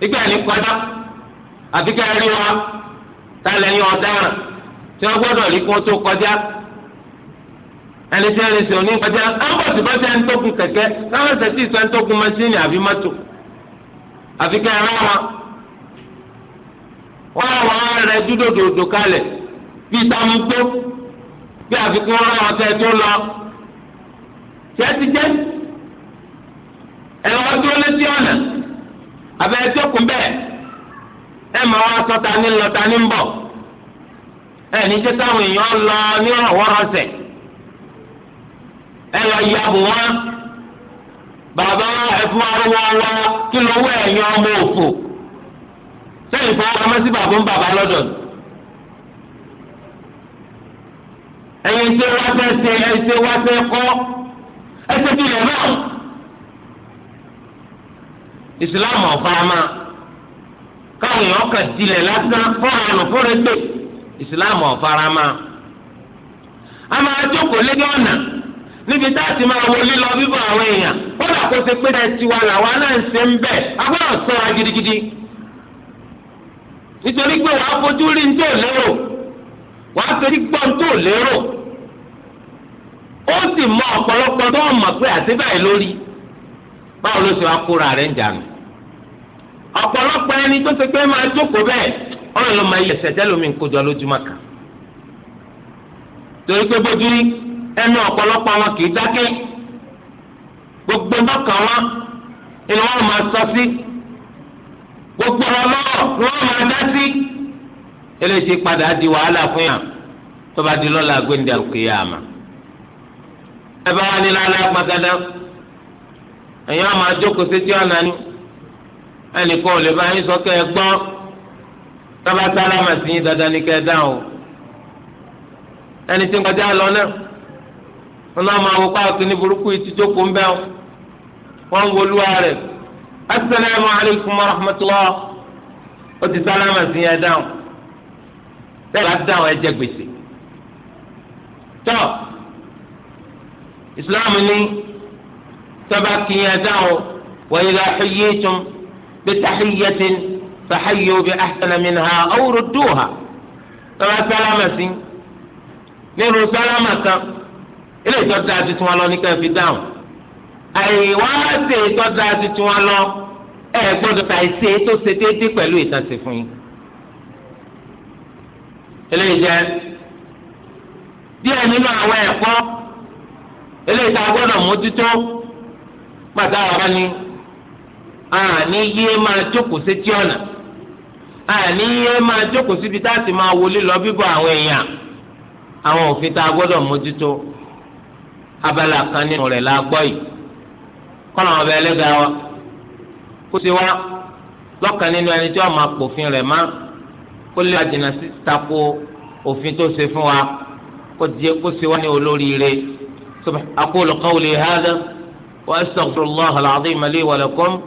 nígbà ní kọjá àti ká rí wa tá a lẹ́yìn ọ̀daràn tí wọ́n gbọ́dọ̀ rí kó tó kọjá ẹni tí ẹni sọ ní kọjá ẹnbọ̀sì bá ti ẹni tó gun kẹ̀kẹ́ láwọn ṣe sí ìsọ ẹni tó gun mẹsìnì àbí mọ́tò àti ká rí wa wọ́n wọ́n rẹ̀ dúdòdòdò kalẹ̀ bí ìtàmú tó bí àfikún ọ̀rọ̀ àwọn tẹ̀ tó lọ tí ẹ ti jẹ́ ẹ̀ wọ́n tó létí ọ̀nà abẹ́rẹ́ tí ó kún bẹ́ẹ̀ ẹ máa wá sọ ta ní lọ ta ní ń bọ̀ ẹ ní jẹ́ táwọn èèyàn lọ ní ọ̀wọ́rọ̀sẹ̀ ẹ lọ ya bò wọ́n bàbá ẹ̀fún arúgbó wa kí ló wọ ẹ̀yàn ọmọ òfò sẹ́yìn ìfowópamọ́ sí bàbá ń bàbá lọ́dọ̀ ni. ẹ̀yin tí wọ́n fẹ́ ṣe ẹ̀ ṣe wá fẹ́ kọ́ ẹ ṣe bí ilẹ̀ náà. Islam ọ̀farama káwọn èèyàn kàn tilẹ̀ lásán fọ́ọ̀rọ̀ fọ́ọ̀rẹ́gbẹ̀ ìsìláàmù ọ̀farama. a máa jókòó ọ̀nà níbi tá a ti máa wọlé lílọ bíbọ̀ àwọn èèyàn kó ṣe pé náà tiwa ṣe ń bẹ̀ agbọ́dọ̀ gidigidi. nítorí pé wàá fojú rí lérò wàá gbọ́ lérò ó sì mọ ọ̀pọ̀lọpọ̀ tó báwo ló ṣe wá kóra rẹ̀ ń jànú. ọ̀pọ̀lọpọ̀ ẹni tó ṣe pé máa jókòó bẹ́ẹ̀ ọ̀rọ̀ ló máa yẹ ẹsẹ̀ tẹ́lómi kójọ lójúmọ́ kan. torí pé bójú ẹnu ọ̀pọ̀lọpọ̀ wọn kì í dákẹ́ gbogbo mọ́kàn wọn ni wọ́n máa sọ sí gbogbo ọlọ́rọ̀ ni wọ́n máa dá sí eléyìí padà di wàhálà fún yàn tó ẹ̀yin àwọn àjókòó sétí ọ̀nà ni ẹnìkan ò lè bá yín sọ kẹ́ ẹ gbọ́ sábà sálámà sí yín dandan ní kẹ́ ẹ dáhùn o ẹni tí ń kọjá lọ náà wọn náà máa wọ páàkì ní burúkú yìí ti jókòó ń bẹ́ ọ wọn ń wolúwa rẹ̀ asalaamu alaykum wa rahmatulah ti sálámà sí yín ẹ bẹ́ẹ̀ ni. tọ́ba kì í yẹn dáhùn wa idha huyyitum bi tahiyyatin fahayyu bi ahsana minha aw rudduha tọ́ba sálámà sí nínú sálámà kan ilé ìtọ́jú àti tiwọn lọ ní ká fi dáhùn àìwá ṣe ìtọ́jú àti tiwọn lọ ẹ gbọ́dọ̀ ta ìṣe tó ṣe déédéé pẹ̀lú ìtànṣe fún yín. eléyìí jẹ́ díẹ̀ nínú àwọn ẹ̀kọ́ eléyìí tá mójútó mata ara ni àní yé máa jókòó sétí ọ̀nà àní yé máa jókòó síbi tá a sì máa wọlé lọ bíbọ̀ àwọn èèyàn àwọn òfin tá a gbọ́dọ̀ mójútó abala kan nínú rẹ̀ la gbọ́ yìí kọ́nà ọ̀bẹ ẹlẹ́gàá wa kó sì wá lọ́kàn nínú ẹni tí wọ́n máa pòfin rẹ̀ má kó lè àjìnà sí tako òfin tó ṣe fún wa kó sì wá ní olóríire. aqulu qawli hadha وأستغفر الله العظيم لي ولكم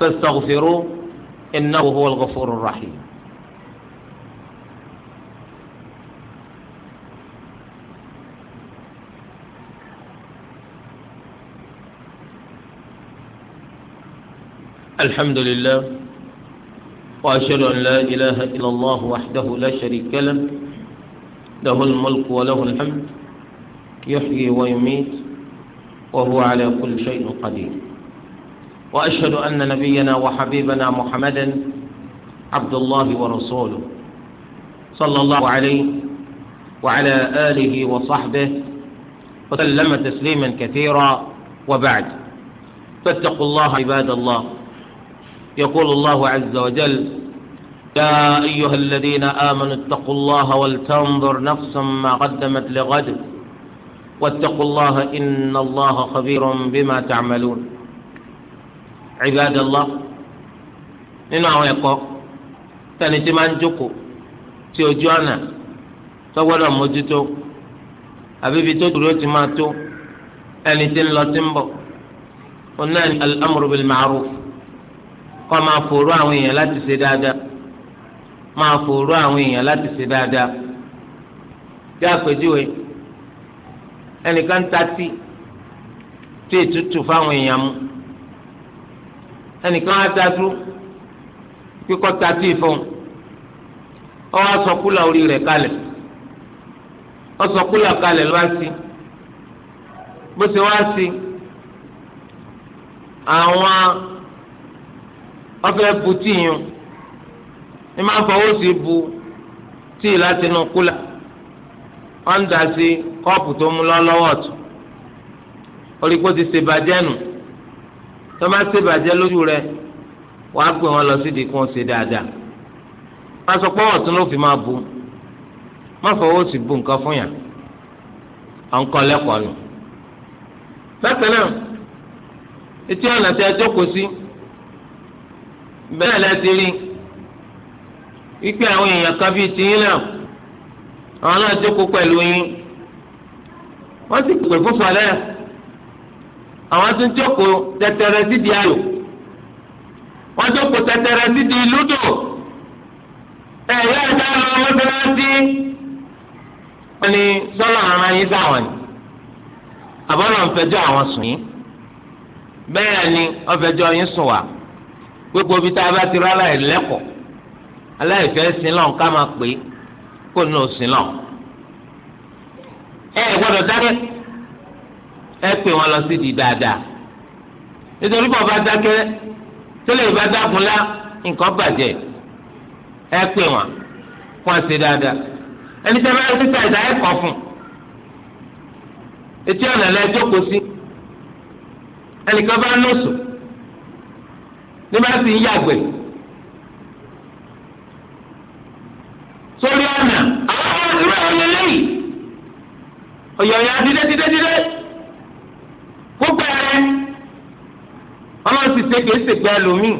فاستغفروه إنه هو الغفور الرحيم الحمد لله وأشهد أن لا إله إلا الله وحده لا شريك له له الملك وله الحمد يحيي ويميت وهو على كل شيء قدير وأشهد أن نبينا وحبيبنا محمدا عبد الله ورسوله صلى الله عليه وعلى آله وصحبه وسلم تسليما كثيرا وبعد فاتقوا الله عباد الله يقول الله عز وجل يا أيها الذين آمنوا اتقوا الله ولتنظر نفس ما قدمت لغد واتقوا الله إن الله خبير بما تعملون عباد الله nínú àwọn ẹ̀kọ́ tani tí máa ń jókòó tí ojú ọ̀nà tó gbọ́dọ̀ mójútó àbíbi tó dúró ti máa tó ẹni tí ń lọ tí ń bọ̀ ó náà ní al-amru bil ma'ruf kọ́ máa fòrò àwọn èèyàn láti ṣe dáadáa máa fòrò àwọn èèyàn láti ṣe dáadáa bí àpèjúwe ẹnìkan ń tatí tí ètùtù fáwọn èèyàn mu ẹnìkan á tatú kíkọ́ tatí fún ọ wá sọ kúlà orí rẹ̀ kalẹ̀ ọ sọ kúlà kalẹ̀ lọ́wọ́ sí bó ṣe wá sí àwọn ọfẹ bu tíyùn ní máa fọwọ́ sí bu tíì láti inú kúlà wọ́n dà sí kọ́ọ̀pù tó mú lọ́wọ́ tó orí kó ti ṣèbàjẹ́ nù tó bá ṣèbàjẹ́ lójú rẹ wàá pè wọ́n lọ sídìí kí wọ́n ṣe dáadáa wọ́n sọ pé ọ̀tún ló fi máa bu má bu nǹkan fún yà à ń kọ́ lẹ́kọ̀ọ́ nù. bákan náà etí ọ̀nà tí a jókòó sí bẹ́ẹ̀ lẹ́ẹ̀ rí wípé àwọn èèyàn kan bíi tìyín náà. àwọn náà jókòó pẹ̀lú yín wọ́n sì pè fún sọ̀lẹ́ àwọn tún jókòó tẹ̀tẹ̀rẹ̀ sídi ayò wọ́n jókòó tẹ̀tẹ̀rẹ̀ sídi lúdò ẹ̀yà ẹ̀dá lọ lọ́sọ̀rọ̀sí wọ́n ní sọ́nà ara yín sáwọn ni àbọ̀lọ̀ ń fẹjọ́ àwọn sùn yín bẹ́ẹ̀ ni wọ́n yín sùn wá gbogbo tá a bá ti aláìfẹ́ sí máa pè é. kó nínú òsín náà ẹ gbọ́dọ̀ dákẹ́ ẹ pè wọn lọ sí di dáadáa nítorí bọ́ bá dákẹ́ tẹ́lẹ̀ ìbá dákun lá nǹkan bàjẹ́ ẹ pè wọn fún àṣẹ dáadáa ẹni tẹ́ bá títà ìdá ẹ kọ̀ fún etí ọ̀nà lẹ́jọ́ kò sí ẹnìkan bá lóṣù ní bá sì ń yàgbẹ́. ọ̀yọ̀yà dídé dídé dídé gbogbo ẹ̀rẹ́ ọlọ́run ti ṣe kìí ṣègbè lómìn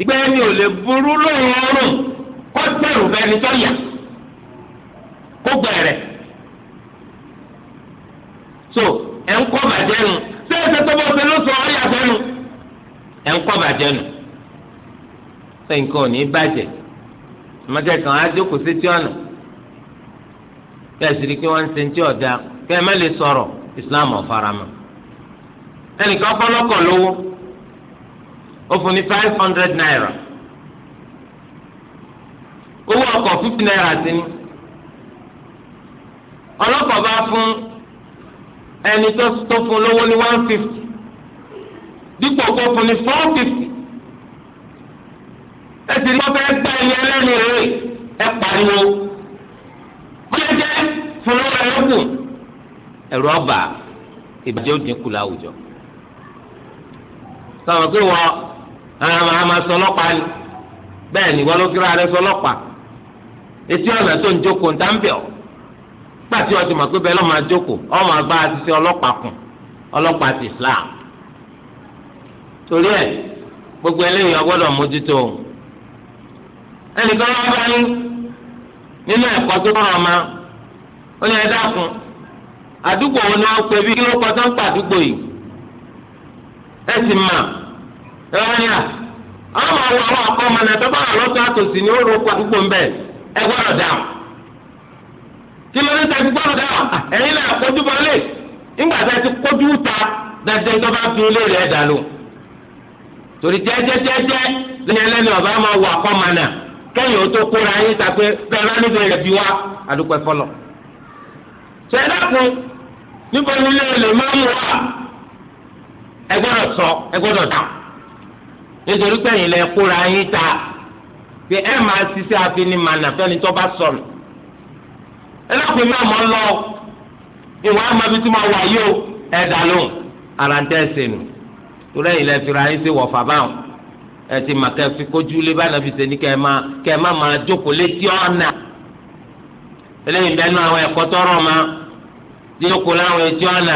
ìgbẹ́ mi ò lè burú lóhùn ọrùn kó tẹ̀rù bẹ́ẹ̀ ni tọ́yà gbogbo ẹ̀rẹ́ so ẹ̀ ń kọ́ bàjẹ́ nu ṣé ẹsẹ̀ tó bọ́ ṣe ló sọ ọ́ yàtọ̀ nu ẹ̀ ń kọ́ bàjẹ́ nu ṣé nǹkan ò ní bàjẹ́ ọmọdé kan á jókòó sétí ọ̀nà kẹ́sì rí i pé wọ́n ń ṣe ní ọ̀dà kẹ́ má lè sọ̀rọ̀ islam ọ̀farama ẹnìkan bọ́lọ́kọ̀ lówó ó fún ní five hundred naira owó ọkọ̀ fifty naira sí ni ọlọ́kọ̀ bá fún ẹni tó fún lówó ní one fifty dípò kó fún ní four fifty ẹ sì lọ́ fẹ́ gbá ẹni ẹlẹ́nu rẹ̀ ẹ pariwo. fún lọ́wọ́ ọba ìbàjẹ́ ó dínkù láwùjọ. sọ̀rọ̀ pé wọ́n a máa sọ ni bẹ́ẹ̀ ni wọ́n ló kíra rẹ sọ etí ọ̀nà tó ń jókòó ń dáńbẹ̀ ọ́ pàtí mọ̀ pé bẹ́ẹ̀ máa jókòó ọlọ́pàá kùn ọlọ́pàá ti Islam torí ẹ gbogbo ọgbọ́dọ̀ mójútó bá ní nínú ó ní ẹ dákun àdúgbò wo ni wọ́n pè bí kí ló kọ́ tó ọ pa àdúgbò yìí ẹ sì mà ẹ ní à àwọn àwọn ọmọ náà tó bá wà lọ́sọ̀ àtòsí ni ó ro pa àdúgbò ń bẹ̀ ẹ gbọ́dọ̀ kí ló a ti kojú ta dáadáa tó bá fi ilé rẹ̀ dà torí jẹ́jẹ́jẹ́jẹ́ lẹ́yìn ẹlẹ́ni ọ̀bá máa ọmọ náà kẹ́yìn ó tó kóra yín ta pé bẹ́ẹ̀ bá sẹ́dákun níbo ni ilé olè máa ń wà ẹ gbọdọ sọ ẹ gbọdọ dà nítorí pé lẹ kóra yín ta pé ẹ máa ṣiṣẹ́ afinimànà fẹ́ni tó bá sọnù ẹlẹ́kùn náà mọ̀ lọ ìwà tí wà yìí o ẹ dà lóhùn ara ń tẹ́ ẹ sẹ́nu torí lẹ fira yín sí wọ̀fà báwọn ẹ ti mà kẹ́ fi eléyìí bẹ́ẹ̀ nú àwọn ẹ̀kọ́ tọrọ ma díjókòó láwọn etí ọ̀nà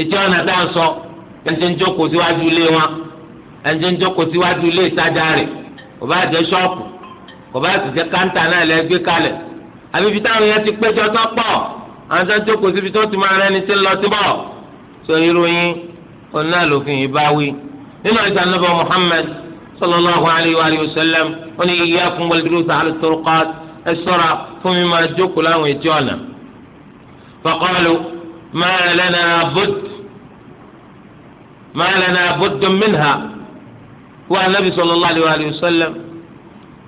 etí ọ̀nà tá à ń sọ ẹni tí ń jókòó síwájú ilé wọn ẹni tí ń jókòó síwájú ilé ìtajà rẹ̀ kò bá jẹ́ ṣọ́ọ̀pù kò bá sì jẹ́ káńtà náà lẹ́ gbé kalẹ̀ àbí ibi táwọn yẹn ti péjọ tó pọ̀ àwọn tó ń síbi tó ti máa rẹ́ni tí ń lọ síbọ̀ sọ ìròyìn ọ̀nà lòfin yìí bá wí nínú ìta nàbà Muhammad sallallahu alayhi wa sallam ó ní iyyakum wal julusa ala turuqat ẹsọra fún mi máa jókòó láwọn etí ọ̀nà. faqalu ma lana budd ma lana budd minha wa anabi sallallahu alayhi wa sallam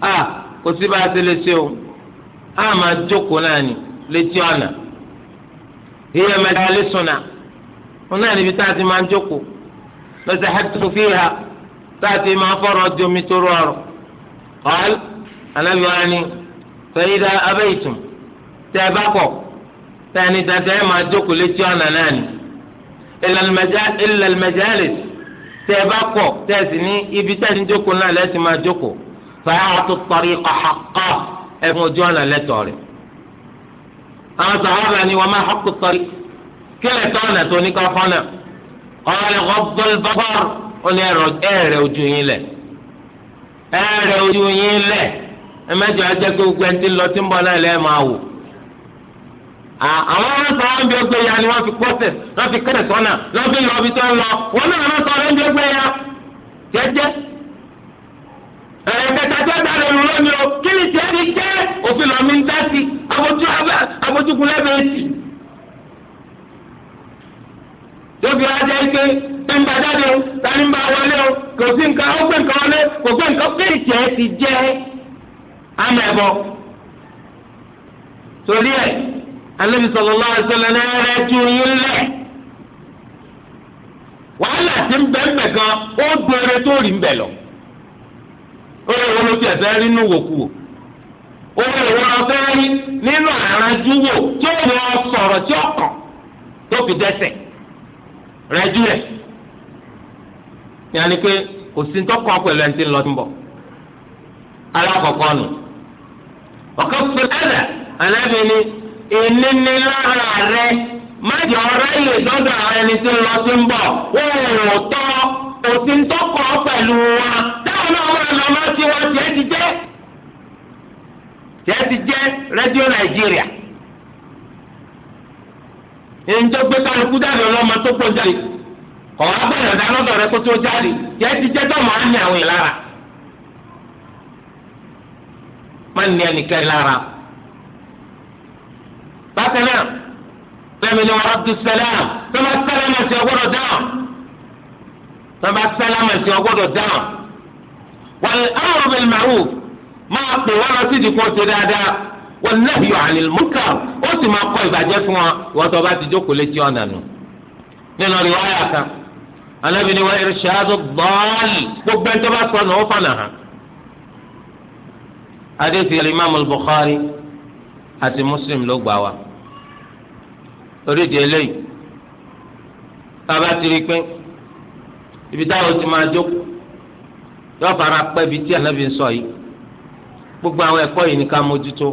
a kò sí bá a ti lè ṣe o a máa jókòó náà ni létí ọ̀nà yíyá lè sọ̀nà wọn náà níbi tá a ti máa jókòó lọ́sẹ̀ hẹ́tù fiha tá a ti máa fọ̀rọ̀ di omi tó rọrùn. qal anabi wa ni. fẹ́yìdá abẹ́yìtùm tẹ́ ẹ bá kọ̀ tẹ́ ẹni dandan ẹ máa jókòó létí ọ̀nà náà ni ìlàlùmẹ̀jáàlì tẹ́ ẹ bá kọ̀ tẹ́ ẹ sì ní ibi tẹ́ ẹni jókòó náà lẹ́sìn máa jókòó fàáhàtú kọrí ọ̀hàkọ́ ẹ̀fún ojú ọ̀nà lẹ́tọ̀ rẹ̀ àwọn sàhábà ni wọ́n máa hàkú kọrí kí lẹ́tọ̀ ọ̀nà tó ní kọ́kọ́ náà ọ̀rẹ́ ọ̀gbọ́n bọ́bọ́rù ó ní ẹ̀rẹ̀ ojú yín lẹ̀ ẹ̀rẹ̀ ojú yín lẹ̀ ẹ mẹ́jọ ajẹ́ pé gbogbo lọ tí ń bọ̀ náà máa wò. àwọn ọmọ ya ni wọ́n fi pọ́sẹ̀ wọ́n fi kẹ́rẹ̀ sọ́nà wọ́n fi lọ ibi tó ń lọ wọ́n náà wọ́n sọ̀rọ̀ ọgbẹ́ o kí ni jẹ́ òfin ń dá sí abojúkun sí. tóbi ike ń bá jáde o tani ń bá wọlé o kò sí nǹkan amẹbọ torí ẹ anabi sallallahu alaihi wasallam náà rẹ tu yín lẹ wàhálà tí ń bẹ ń bẹ gan ó gbére tó rí ń bẹ lọ ó lè wọ́n ló fi ẹ̀fẹ́ rí nù wòkú wò ó lè wọ́n lọ rí nínú àrànjú wò tí ó lọ sọ̀rọ̀ tí ó tó fi dẹ́sẹ̀ rẹ́jú rẹ̀ yàní pé kò sí tọkọ pẹ̀lú ẹni tí ń lọ sí ń bọ̀ alákọ̀ọ́kọ́ nù. ọ̀kan fún ẹ̀dà ànábì ni èmi ni lára rẹ májọ ráyè dọ́dọ̀ àwọn ẹni tí ń lọ sí ń bọ̀ wọ́n ò tọ́ òsì ń tọkọ̀ pẹ̀lú wa táwọn náà wọ́n lọ máa ti wọ́n tiẹ̀ ti jẹ́ tiẹ̀ ti jẹ́ rédíò nàìjíríà ìjọ gbé kálukú jáde ọlọ́mọ tó pọ̀ jáde kọ̀ wá bẹ̀rẹ̀ dáná lọ́dọ̀ rẹ kó tó jáde tiẹ̀ ti jẹ́ tọ́mọ̀ á ní àwọn ìlara. má ní ẹnìkan lára. bákan náà sẹ́mi ni wọ́n ti sẹ́lẹ̀m tó bá sẹ́lẹ̀m ẹ̀sìn ọgbọ́dọ̀ dáhùn tó bá sẹ́lẹ̀m ẹ̀sìn ọgbọ́dọ̀ dáhùn. wọ́n amru bil ma'ruf máa pè wọ́n lọ sí ìdìkọ́ ṣe dáadáa wọ́n nahyu 'anil munkar ó sì máa kọ́ ìbàjẹ́ fún wọn ìwọ́n tó bá ti jókòó létí ọ̀nà nù. nínú rí wáyà kan alábìnrin wa irṣadu dọ́ọ̀lì gbogbo ẹni tó bá sọ adéfi alimami Bukhari àti Muslim ló gbà wá oríṣi eléyìí tábà ti rí pé ibi táwọn ti máa jókòó yóò fara pẹ́ ibi tí ànábì ń sọ yìí gbogbo àwọn ẹ̀kọ́ yìí ní ká mójútó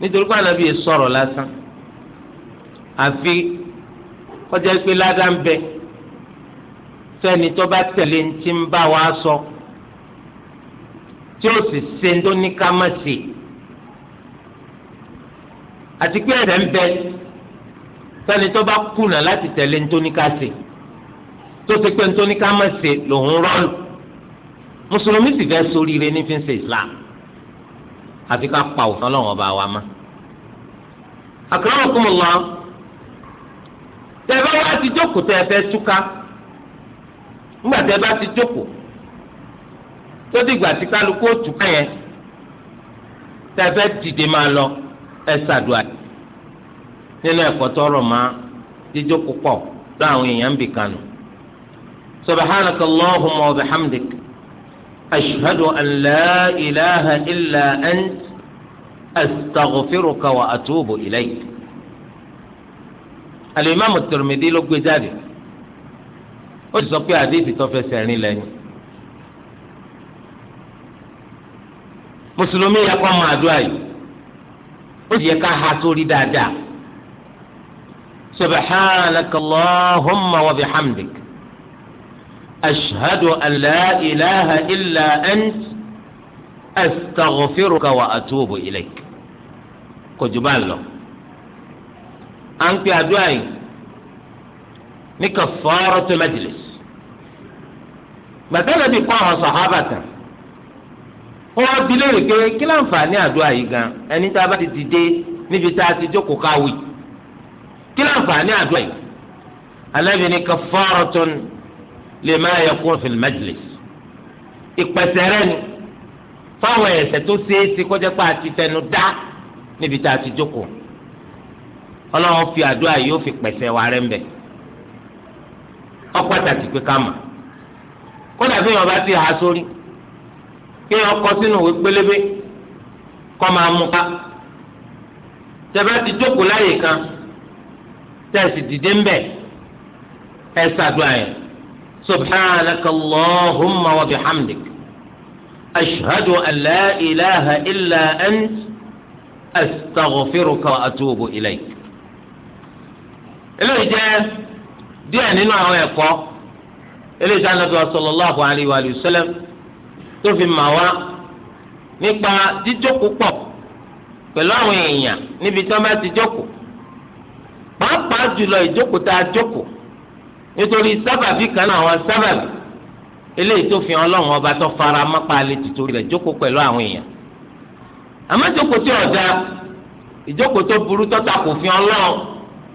nítorí pé ànábì yìí sọ̀rọ̀ wa sọ tí ó sì ṣe ń tó ní ká má ṣe àti pé ẹ̀rẹ̀ ń bẹ sani tó bá kùnà láti tẹ̀lé ń tó ní ká ṣe tó ṣe pé ń tó ní ká má ṣe lòun rọ́ọ̀lù mùsùlùmí sì fẹ́ ṣoríire ní fi ṣe islam àfi ká pa òfin ọlọ́wọ́n ọba wa má. akramakumullah tẹ̀ bá wá ti jókòó tẹ̀ fẹ́ túká ńgbà tẹ̀ bá ti jókòó tó dìgbà tí kálukú òtún kẹ́yẹ tẹ́fẹ́ dìde máa lọ ẹ ṣàdúrà nínú ẹ̀kọ́ tọrọ máa jíjó púpọ̀ lọ àwọn èèyàn bì kanu. سبحانك اللهم وبحمدك أشهد أن لا إله إلا أنت أستغفرك وأتوب إليك الإمام الترمذي لو جاده ó sọ pé àdéhìí tó fẹsẹ̀ rìn lẹ́yìn mùsùlùmí yẹ kó máa dùn àyè ó sì yẹ ká ha sórí dáadáa subhanaka allahumma wa bihamdik ashhadu an la ilaha illa ant astaghfiruka wa atubu ilayk kò jù bá lọ à ń pè àdúrà yìí ní kafaratu majlis gbàtà lẹbi kọ́ àwọn sàhábà tán. wọ́n bí léèrè pé kí láǹfààní àdúrà yìí gan ẹni tá a bá ti dìde níbi tá a ti jókòó káwì kí láǹfààní àdúrà yìí alábì ní kafaratun lima yakun fil majlis ìpèsè rẹ ni fáwọn ẹ̀ṣẹ̀ tó ṣeé ṣe kọjá pé a ti tẹnu dá níbi tá a ti jókòó ọlọ́run fi àdúrà yìí ó fi pèsè wa rẹ́ ń bẹ̀ ọ́ pàtàkì pé ká mọ̀ kódà bí wọn bá ti há sórí kí wọn kọ sínú òwe pélébé kọ máa mú ká tẹbẹ ti jókòó láyè kan tẹsí dìde ń bẹ ẹ ṣàdúrà yẹn subhanaka allahumma wa bihamdik ashhadu an la ilaha illa ant astaghfiruka wa atubu ilayk. eléyìí jẹ́ díẹ̀ nínú àwọn ẹ̀kọ́ eléyìí tí wa sallallahu alayhi wa sallam tó fi mà wá nípa jíjókòó pọ̀ pẹ̀lú àwọn èèyàn níbi tí wọ́n bá ti jókòó pàápàá jùlọ ìjókòó tá a jókòó nítorí sábàbí kan náà àwọn sábàbí eléyìí tó fi hàn ọlọ́run ọba tó fara mọ́pa alẹ́ tìtò rẹ̀ jókòó pẹ̀lú àwọn èèyàn àmọ́ ìjókòó tí ọ̀dà ìjókòó tó burú tọ́ta kò fi hàn ọlọ́run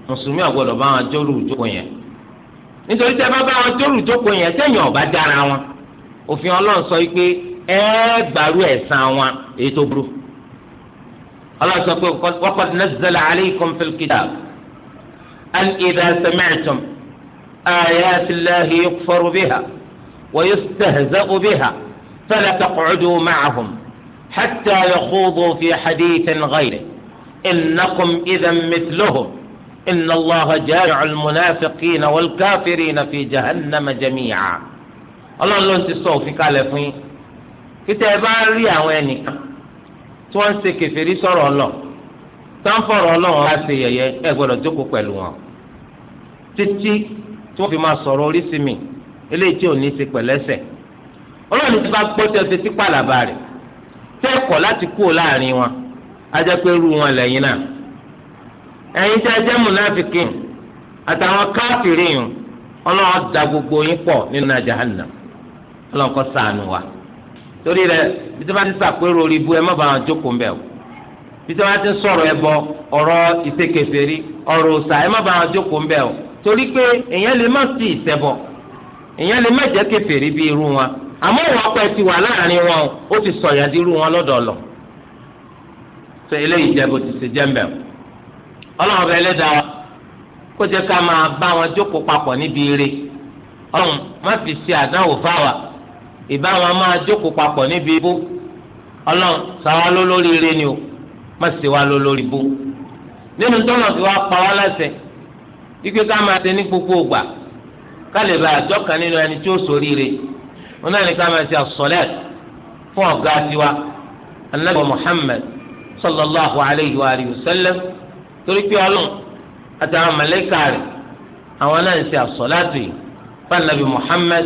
mùsùlùmí ọ̀gbọ́dọ̀ bá wọn jórù ìjókòó yẹn nítorí tẹ́ bá bá wọn jórù ìjókòó yẹn sẹ́yìn ọ̀bá dára òfin ọlọ́run sọ pé ẹ gbàrú ẹ̀san wọn èyí tó burú ọlọ́run sọ pé waqad nazzala alaykum fil kitab an idha sami'tum bí ha yukfaru biha wa yustahza'u biha fala taq'udu ma'ahum hatta yakhudu fi hadithin ghayrihi innakum idhan mithluhum. إن الله جامع المنافقين والكافرين في جهنم جميعا ọlọ́run ti sọ òfin kalẹ̀ fún yín kíta ẹ bá rí àwọn ẹnìkan tí wọ́n ń sọ̀rọ̀ ọlọ́ táǹfọ̀rọ̀ ọlọ́run bá ṣe yẹ̀yẹ́ ẹ gbọ́dọ̀ jókòó pẹ̀lú wọn títí tí wọ́n fi máa sọ̀rọ̀ oríṣi eléyìí tí ò ní pẹ̀lẹ́sẹ̀ ọlọ́run ti bá gbọ́ láti kú láàrin wọn ajẹ́pẹ́ rú wọn lẹ́yìn ẹ̀yin tí ọlọ́run sànù wa torí rẹ bí sàpérò orí ibu ẹ má bàa jókòó mbẹ́ o bí tí ti sọ̀rọ̀ ẹ bọ ọ̀rọ̀ ọ̀rọ̀ ẹ má bàa o torí pé èèyàn lè má sí èèyàn lè má jẹ́ bí irú wọn àmọ́ ìwà ọpẹ ti wà láàrin wọn ó di irú wọn sọ eléyìí bó ti ṣe jẹ́ mbẹ́ o ọlọ́run kó ká máa bá wọn jókòó ire má fi ìbáwọn máa jókòó papọ̀ níbi ibú ọlọ́run sàwa ló lórí ire ni o má sì wá ló lórí ibú nínú tọ́nà tí wàá pa wá lẹ́sẹ̀ ike ká máa ṣe ní gbogbo ògbà ká lè ba àjọ kan nínú ẹni tí ó sórí ire wọn náà ní ká máa ṣe àsọlẹ̀ fún ọ̀gá tiwa anabi Muhammad sallallahu alayhi wa sallam torí pé ọlọ́run àtàwọn màláíkà rẹ̀ àwọn náà ń ṣe àsọlẹ̀ àtúnyẹ̀ fún anabi Muhammad.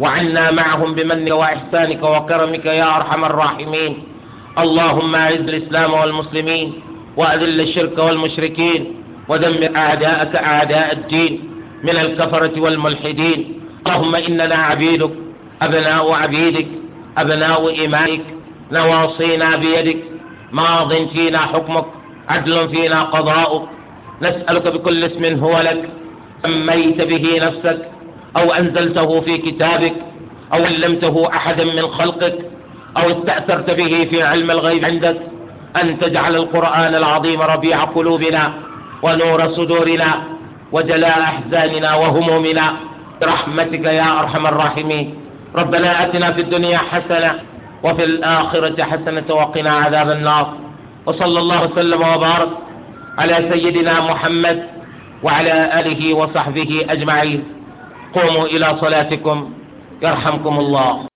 وعنا معهم بمنك وإحسانك وكرمك يا أرحم الراحمين اللهم أعز الإسلام والمسلمين وأذل الشرك والمشركين ودمر أعداءك أعداء الدين من الكفرة والملحدين اللهم إننا عبيدك أبناء عبيدك أبناء إمائك نواصينا بيدك ماض فينا حكمك عدل فينا قضاؤك نسألك بكل اسم هو لك سميت به نفسك أو أنزلته في كتابك أو علمته أحدا من خلقك أو استأثرت به في علم الغيب عندك أن تجعل القرآن العظيم ربيع قلوبنا ونور صدورنا وجلاء أحزاننا وهمومنا برحمتك يا أرحم الراحمين ربنا أتنا في الدنيا حسنة وفي الآخرة حسنة وقنا عذاب النار وصلى الله وسلم وبارك على سيدنا محمد وعلى آله وصحبه أجمعين قوموا إلى صلاتكم يرحمكم الله